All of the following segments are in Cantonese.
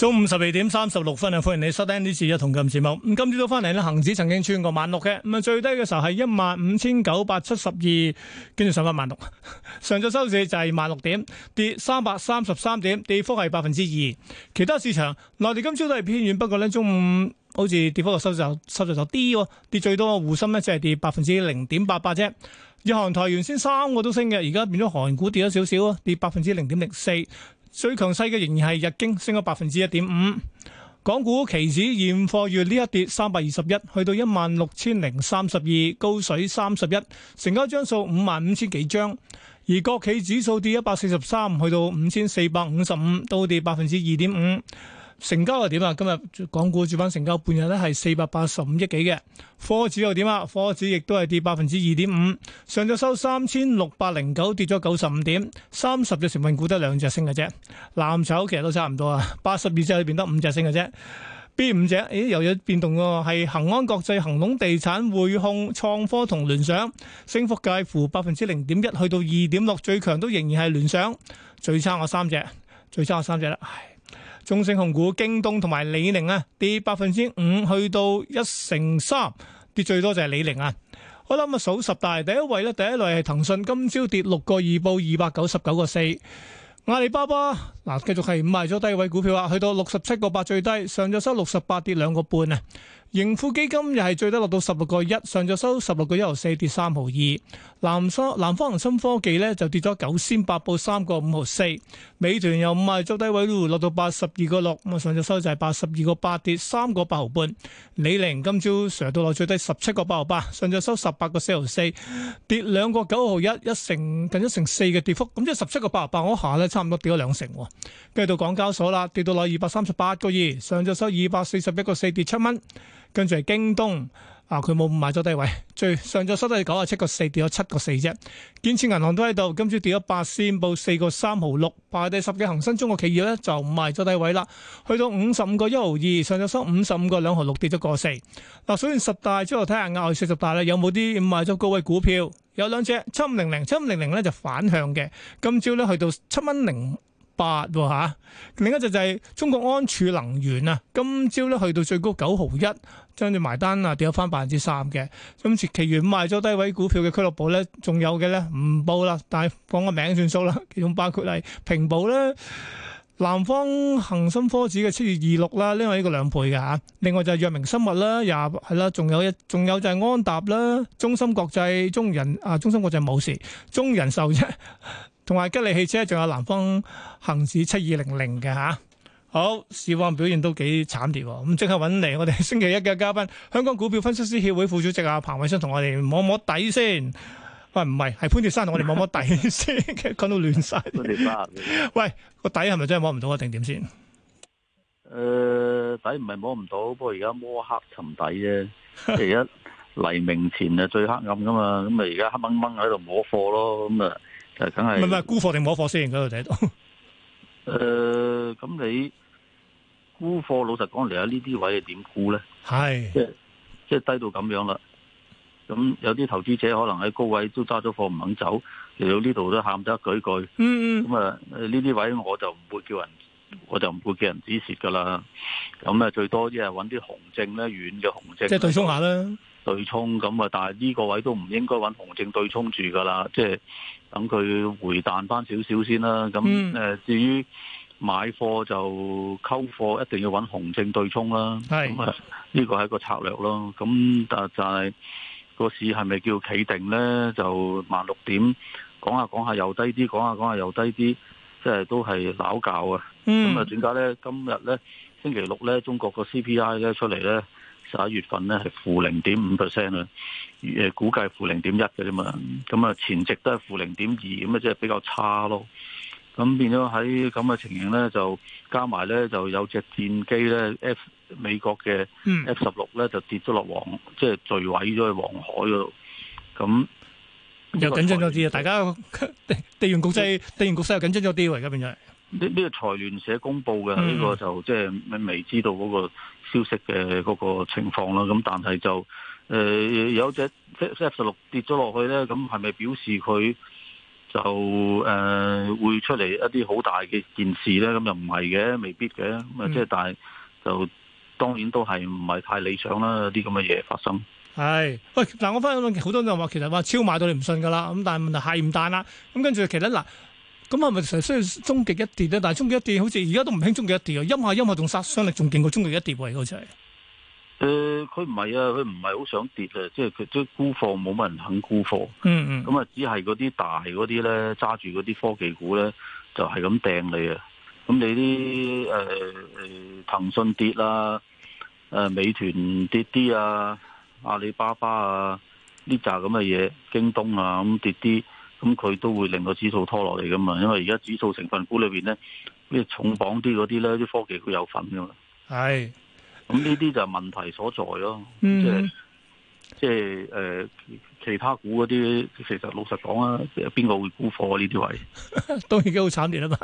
中午十二點三十六分啊，歡迎你收聽呢次嘅同金節目。咁今朝早翻嚟咧，恒指曾經穿過萬六嘅，咁啊最低嘅時候係一萬五千九百七十二，跟住上翻萬六，上晝收市就係萬六點，跌三百三十三點，跌幅係百分之二。其他市場內地今朝都係偏遠，不過呢中午好似跌幅個收實收實就低喎，跌最多滬深呢只係跌百分之零點八八啫。日韓台原先三個都升嘅，而家變咗韓股跌咗少少啊，跌百分之零點零四。最強勢嘅仍然係日經，升咗百分之一點五。港股期指現貨月呢，一跌三百二十一，去到一萬六千零三十二，高水三十一，成交張數五萬五千幾張。而國企指數跌一百四十三，去到五千四百五十五，都跌百分之二點五。成交又點啊？今日港股主板成交半日咧，係四百八十五億幾嘅。科指又點啊？科指亦都係跌百分之二點五，上晝收三千六百零九，跌咗九十五點。三十隻成分股得兩隻升嘅啫。藍籌其實都差唔多啊，八十二隻裏邊得五隻升嘅啫。邊五隻，咦？又有變動喎。係恆安國際、恒隆地產、匯控、創科同聯想，升幅介乎百分之零點一去到二點六，最強都仍然係聯想。最差我三隻，最差我三隻啦。中升控股、京東同埋李寧啊，跌百分之五，去到一成三，跌最多就係李寧啊！我諗數十大第一位咧，第一位係騰訊，今朝跌六個二，報二百九十九個四。阿里巴巴嗱，繼續係賣咗低位股票啊，去到六十七個八最低，上咗收六十八，跌兩個半啊。盈富基金又係最低落到十六個一，上晝收十六個一毫四，跌三毫二。南方南方恒生科技咧就跌咗九仙八，報三個五毫四。美團又唔係走低位，落到八十二個六，咁啊上晝收就係八十二個八，跌三個八毫半。李寧今朝上到落最低十七個八毫八，上晝收十八個四毫四，跌兩個九毫一，一成近一成四嘅跌幅。咁即係十七個八毫八嗰下咧，差唔多跌咗兩成。跟住到港交所啦，跌到落二百三十八個二，上晝收二百四十一個四，跌七蚊。跟住係京東，啊佢冇賣咗低位，最上咗收得係九啊七個四，跌咗七個四啫。建設銀行都喺度，今朝跌咗八仙，報四個三毫六。排第十嘅恒生中國企業咧就冇賣咗低位啦，去到五十五個一毫二，上咗收五十五個兩毫六，跌咗個四。嗱，數完十大之後睇下額外四十大咧有冇啲冇賣咗高位股票，有兩隻七五零零，七五零零咧就反向嘅，今朝咧去到七蚊零。八喎，啊、另一隻就係中國安儲能源啊，今朝咧去到最高九毫一，將住埋單啊，跌翻百分之三嘅。咁其餘賣咗低位股票嘅俱樂部咧，仲有嘅咧唔報啦，但係講個名算數啦。其中包括係平保啦、南方恒生科指嘅七月二六啦，另外呢個兩倍嘅嚇。另外就係藥明生物啦，廿係啦，仲有一，仲有就係安踏啦、中芯國際、中人啊、中芯國際冇事，中人壽啫。同埋吉利汽車，仲有南方恒指七二零零嘅，吓，好市況表現都幾慘跌，咁即刻搵嚟我哋星期一嘅嘉賓，香港股票分析師協會副主席阿彭偉新同我哋摸摸底先。喂、哎，唔係，係潘鐵珊同我哋摸摸底先，講到亂晒。潘 鐵喂，個底係咪真係摸唔到啊？定點先？誒、呃，底唔係摸唔到，不過而家摸黑沉底啫。第一黎明前啊，最黑暗噶嘛，咁啊而家黑掹掹喺度摸貨咯，咁啊。唔係唔係沽貨定冇貨先？度睇到。誒，咁、 呃、你估貨老實講嚟，下呢啲位係點估咧？係即係即係低到咁樣啦。咁有啲投資者可能喺高位都揸咗貨唔肯走，嚟到呢度都喊得一句，一句。嗯咁、嗯、啊，呢、嗯、啲、嗯、位我就唔會叫人，我就唔會叫人指示噶啦。咁啊，最多即係揾啲紅證咧，遠嘅紅證。即係對沖下啦。 對沖咁啊！但係呢個位都唔應該揾紅證對沖住噶啦，即係等佢回彈翻少少先啦。咁、嗯、誒，至於買貨就溝貨，一定要揾紅證對沖啦。啊，呢個係一個策略咯。咁但係個市係咪叫企定呢？就萬六點講下講下又低啲，講下講下又低啲，即係都係攪搞啊。咁、嗯、啊，點、嗯、解、嗯、呢？今日呢，星期六呢，中國個 CPI 呢出嚟呢。十一月份咧係負零點五 percent 啦，誒，估計負零點一嘅啫嘛，咁啊前值都係負零點二，咁啊即係比較差咯。咁變咗喺咁嘅情形咧，就加埋咧就有隻戰機咧，F 美國嘅 F 十六咧，就跌咗落黃，即係墜毀咗喺黃海嗰度。咁又緊張咗啲啊！大家地緣局勢、地緣局勢又緊張咗啲，而家變咗。呢、呢、呢個財聯、呢個、社公布嘅呢、嗯呢個就即係、就係、未，未知道嗰、嗰個。消息嘅嗰個情況啦，咁但係就誒、呃、有一隻 Snap 十六跌咗落去咧，咁係咪表示佢就誒、呃、會出嚟一啲好大嘅件事咧？咁又唔係嘅，未必嘅咁啊。即、嗯、係但係就當然都係唔係太理想啦，啲咁嘅嘢發生係喂嗱。我翻好多人都話其實話超買到你唔信噶啦，咁但係問題係唔大啦。咁跟住其實嗱。咁、呃、啊，係咪成日需要終極一跌咧？但係終極一跌好似而家都唔興終極一跌啊！陰下陰下仲殺傷力仲勁過終極一跌喎，而家真係。佢唔係啊，佢唔係好想跌啊，即係佢即係沽貨冇乜人肯沽貨。嗯嗯。咁啊，只係嗰啲大嗰啲咧，揸住嗰啲科技股咧，就係咁掟你啊！咁你啲誒、呃、騰訊跌啦、啊，誒、呃、美團跌啲啊，阿里巴巴啊，呢扎咁嘅嘢，京東啊咁跌啲。咁佢都會令個指數拖落嚟㗎嘛，因為而家指數成分股裏面咧，啲重磅啲嗰啲咧，啲科技佢有份㗎嘛。係，咁呢啲就係問題所在咯，即係即係誒。嗯其他股嗰啲，其實老實講啊，邊個會沽貨啊？呢啲位都已經好慘烈啊嘛！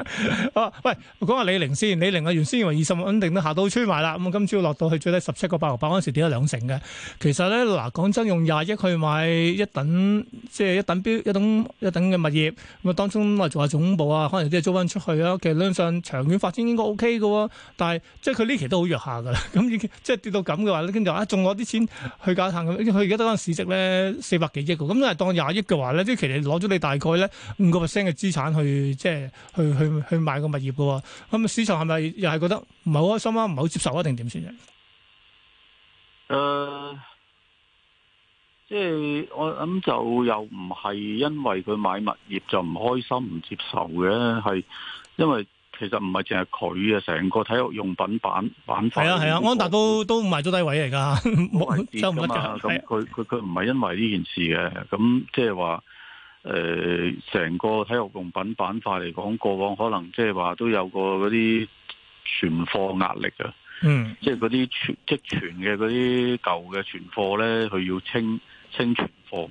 啊， 喂，講下李寧先，李寧啊，原先以為二十蚊穩定都下到吹埋啦。咁啊，今朝落到去最低十七個八毫八嗰陣時，跌咗兩成嘅。其實咧，嗱，講真，用廿億去買一等，即、就、係、是、一等標、一等一等嘅物業，咁啊，當中話做下總部啊，可能啲租翻出去啊，其實攤上長遠發展應該 O K 嘅。但係即係佢呢期都好弱下㗎，咁已經即係跌到咁嘅話咧，跟住話啊，仲攞啲錢去搞下。佢而家得間市值咧四百。百幾億咁咧，當廿億嘅話咧，即係其實攞咗你大概咧五個 percent 嘅資產去，即係去去去買個物業嘅。咁市場係咪又係覺得唔係好開心啊，唔係好接受啊，定點算？啊、呃？誒、就是，即係我諗就又唔係因為佢買物業就唔開心唔接受嘅，係因為。其實唔係淨係佢啊，成個體育用品板板塊係啊係啊，安達都都賣咗低位嚟噶，冇跌噶嘛，咁佢佢佢唔係因為呢件事嘅，咁即係話誒，成、呃、個體育用品板塊嚟講，過往可能即係話都有過嗰啲存貨壓力噶，嗯，就是、那些即係嗰啲即存嘅嗰啲舊嘅存貨咧，佢要清清存貨。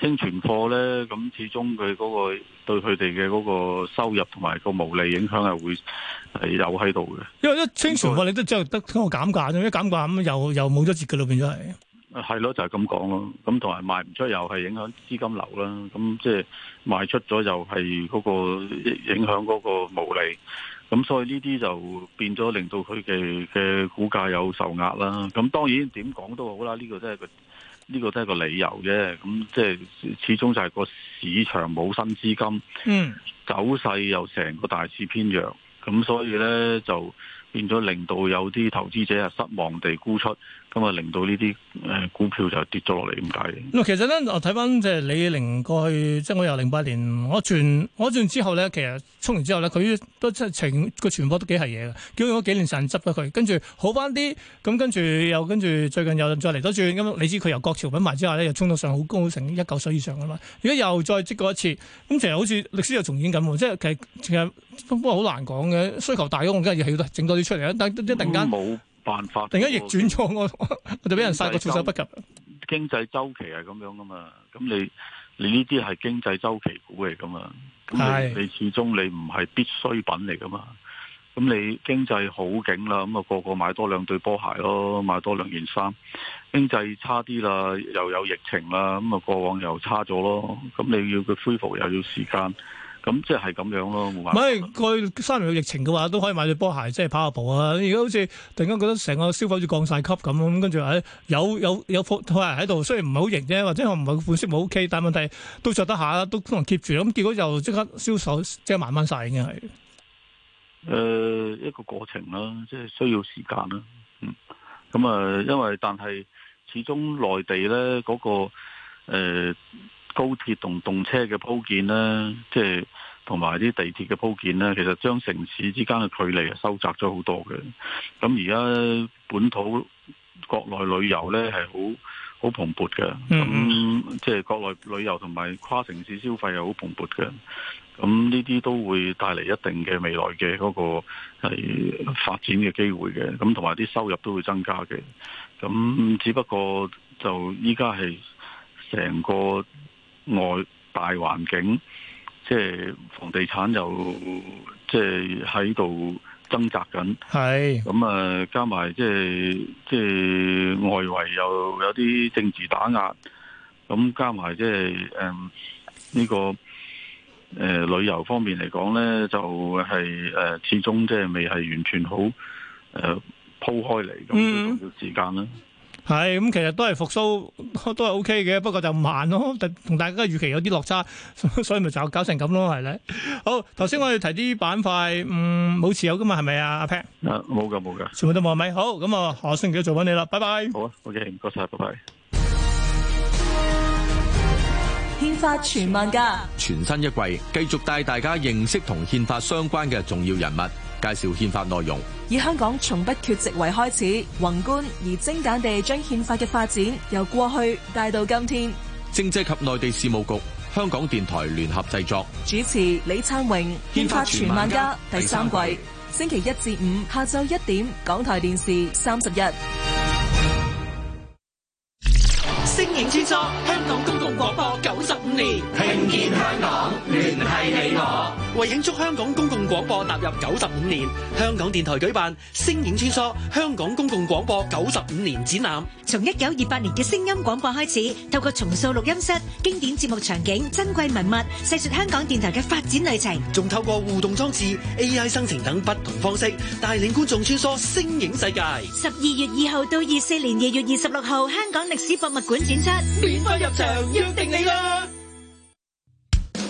清存貨咧，咁始終佢嗰個對佢哋嘅嗰個收入同埋個毛利影響係會係有喺度嘅。因為一清存貨，你都只係得通過減價，咁一減價咁又又冇咗折噶啦，變咗係。啊，係咯，就係咁講咯。咁同埋賣唔出又係影響資金流啦。咁即係賣出咗又係嗰個影響嗰個毛利。咁所以呢啲就變咗令到佢哋嘅股價有受壓啦。咁當然點講都好啦，呢個真係個。呢、這個都係個理由啫，咁即係始終就係個市場冇新資金，嗯，走勢又成個大市偏弱，咁、嗯、所以咧就。變咗令到有啲投資者係失望地沽出，咁啊令到呢啲誒股票就跌咗落嚟，點解？其實咧，我睇翻即係李寧過去，即係我由零八年我轉我轉之後咧，其實衝完之後咧，佢都情個傳播都幾係嘢嘅，叫咗幾年時執咗佢，跟住好翻啲，咁跟住又跟住最近又再嚟多轉，咁你知佢由國潮品牌之下咧又衝到上好高，成一嚿水以上啊嘛！如果又再積過一次，咁成日好似歷史又重演緊喎，即係其實成日都好難講嘅，需求大咗，我梗係要起到整多。出嚟啊！等一陣間突然間，冇辦法，突然間逆轉咗，我就俾人殺個措手不及。經濟周期係咁樣噶嘛。咁你你呢啲係經濟周期股嚟噶嘛。咁你，你始終你唔係必需品嚟噶嘛。咁你經濟好景啦，咁、那、啊個個買多兩對波鞋咯，買多兩件衫。經濟差啲啦，又有疫情啦，咁啊過往又差咗咯，咁你要佢恢復又要時間。咁即係咁樣咯，冇辦法。唔係佢三年份疫情嘅話，都可以買對波鞋，即係跑下步啊！而家好似突然間覺得成個消費者降晒級咁，咁跟住誒，有有有波鞋喺度，雖然唔係好型啫，或者唔係款式唔 OK，但係問題都着得下，都可能 keep 住。咁結果就即刻銷售即係慢慢晒，已經係。誒、呃，一個過程啦、啊，即係需要時間啦、啊。嗯、咁、嗯、啊、嗯嗯，因為但係始終內地咧嗰、那個誒。呃高鐵同動車嘅鋪建呢，即係同埋啲地鐵嘅鋪建呢，其實將城市之間嘅距離收窄咗好多嘅。咁而家本土國內旅遊呢，係好好蓬勃嘅，咁即係國內旅遊同埋跨城市消費又好蓬勃嘅。咁呢啲都會帶嚟一定嘅未來嘅嗰個係發展嘅機會嘅，咁同埋啲收入都會增加嘅。咁只不過就依家係成個。外大環境，即係房地產又即係喺度掙扎緊，係咁啊！加埋即係即係外圍又有啲政治打壓，咁加埋即係誒呢個誒旅遊方面嚟講咧，就係誒始終即係未係完全好誒鋪開嚟咁嘅時間啦。嗯。係咁、嗯，其實都係復蘇，都係 O K 嘅。不過就慢咯，同大家嘅預期有啲落差，所以咪就搞成咁咯，係咧。好，頭先我哋提啲板塊，唔、嗯、冇持有噶嘛，係咪啊？阿 Pat，冇噶冇噶，全部都冇係咪？好，咁啊，我下星期做翻你啦，拜拜。好啊，OK，唔該晒！拜拜。憲法全萬家，全新一季繼續帶大家認識同憲法相關嘅重要人物，介紹憲法內容。以香港從不缺席為開始，宏觀而精簡地將憲法嘅發展由過去帶到今天。政制及內地事務局、香港電台聯合製作，主持李燦榮。憲法全萬家第三季，星期一至五下晝一點，港台電視三十一。星影穿梭，香港公共廣播，十五年。為慶祝香港公共廣播踏入九十五年，香港電台舉辦《聲影穿梭香港公共廣播九十五年展覽》。從一九二八年嘅聲音廣播開始，透過重塑錄音室、經典節目場景、珍貴文物，細說香港電台嘅發展旅程。仲透過互動裝置、AI 生成等不同方式，帶領觀眾穿梭聲影世界。十二月二號到二四年二月二十六號，香港歷史博物館展出，免費入場，約定你啦！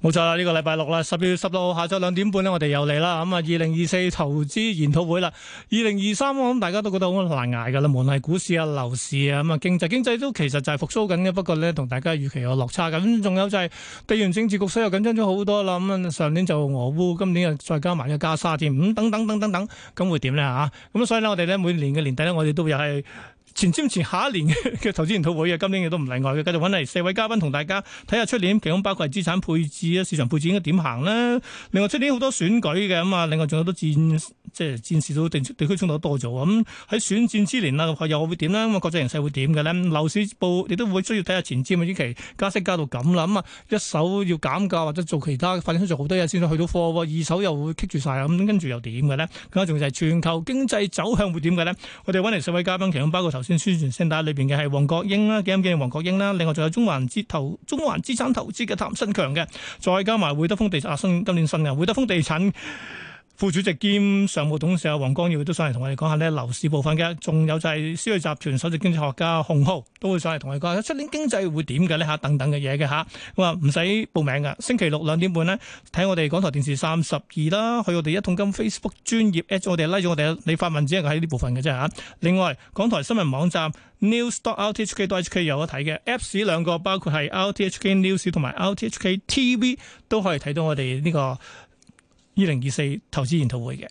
冇錯啦，呢、這個禮拜六啦，十月十六號下晝兩點半呢，我哋又嚟啦。咁、嗯、啊，二零二四投資研討會啦，二零二三我諗大家都覺得好難挨噶啦，無論係股市啊、樓市啊，咁啊經濟，經濟都其實就係復甦緊嘅，不過呢，同大家預期有落差噶。咁仲、嗯、有就係地緣政治局勢又緊張咗好多啦。咁、嗯、上年就俄烏，今年又再加埋個加沙添，咁等等等等等，咁會點呢？吓、啊？咁、嗯、所以呢，我哋呢，每年嘅年底呢，我哋都又係。前瞻前下一年嘅投資研討會啊，今年亦都唔例外嘅，繼續揾嚟四位嘉賓同大家睇下出年，其中包括係資產配置啊、市場配置應該點行啦。另外出年好多選舉嘅咁啊，另外仲有都戰即係戰士到地地區衝突多咗咁，喺選戰之年又會點咧？咁國際形勢會點嘅呢？樓市報亦都會需要睇下前瞻期加息加到咁啦。咁啊一手要減價或者做其他，發展商做好多嘢先去到貨喎。二手又會棘住晒。咁跟住又點嘅咧？咁啊更加重要就係全球經濟走向會點嘅呢？我哋揾嚟四位嘉賓，其中包括。頭先宣傳聲帶裏邊嘅係黃國英啦，Game Game 嘅黃國英啦？另外仲有中環資投、中環資產投資嘅譚新強嘅，再加埋匯德豐地產，新，今年新嘅匯德豐地產。副主席兼常務董事阿黃光耀都上嚟同我哋講下呢樓市部分嘅，仲有就係消費集團首席經濟學家洪浩都會上嚟同我哋講下出年經濟會點嘅呢？吓，等等嘅嘢嘅吓。咁啊唔使報名嘅，星期六兩點半呢，睇我哋港台電視三十二啦，去我哋一通金 Facebook 專頁 at 我哋拉咗我哋，你發文字係呢部分嘅啫嚇。另外，港台新聞網站 news.rthk.hk 有得睇嘅，Apps 兩個包括係 RTHK News 同埋 RTHK TV 都可以睇到我哋呢、這個。二零二四投資研討會嘅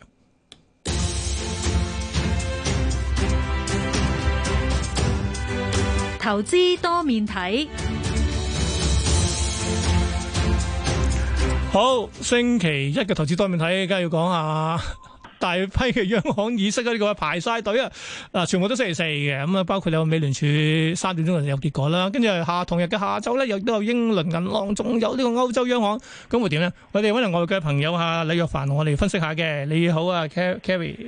投資多面體，好星期一嘅投資多面體，梗係要講下。大批嘅央行議息啊，呢個排晒隊啊，全部都星期四嘅咁啊，包括你有美聯儲三點鐘就有結果啦，跟住下同日嘅下晝咧，又都有英倫銀行，仲有呢個歐洲央行咁會點咧？我哋可能外國嘅朋友啊，李若凡同我哋分析下嘅。你好啊，Carry。Cary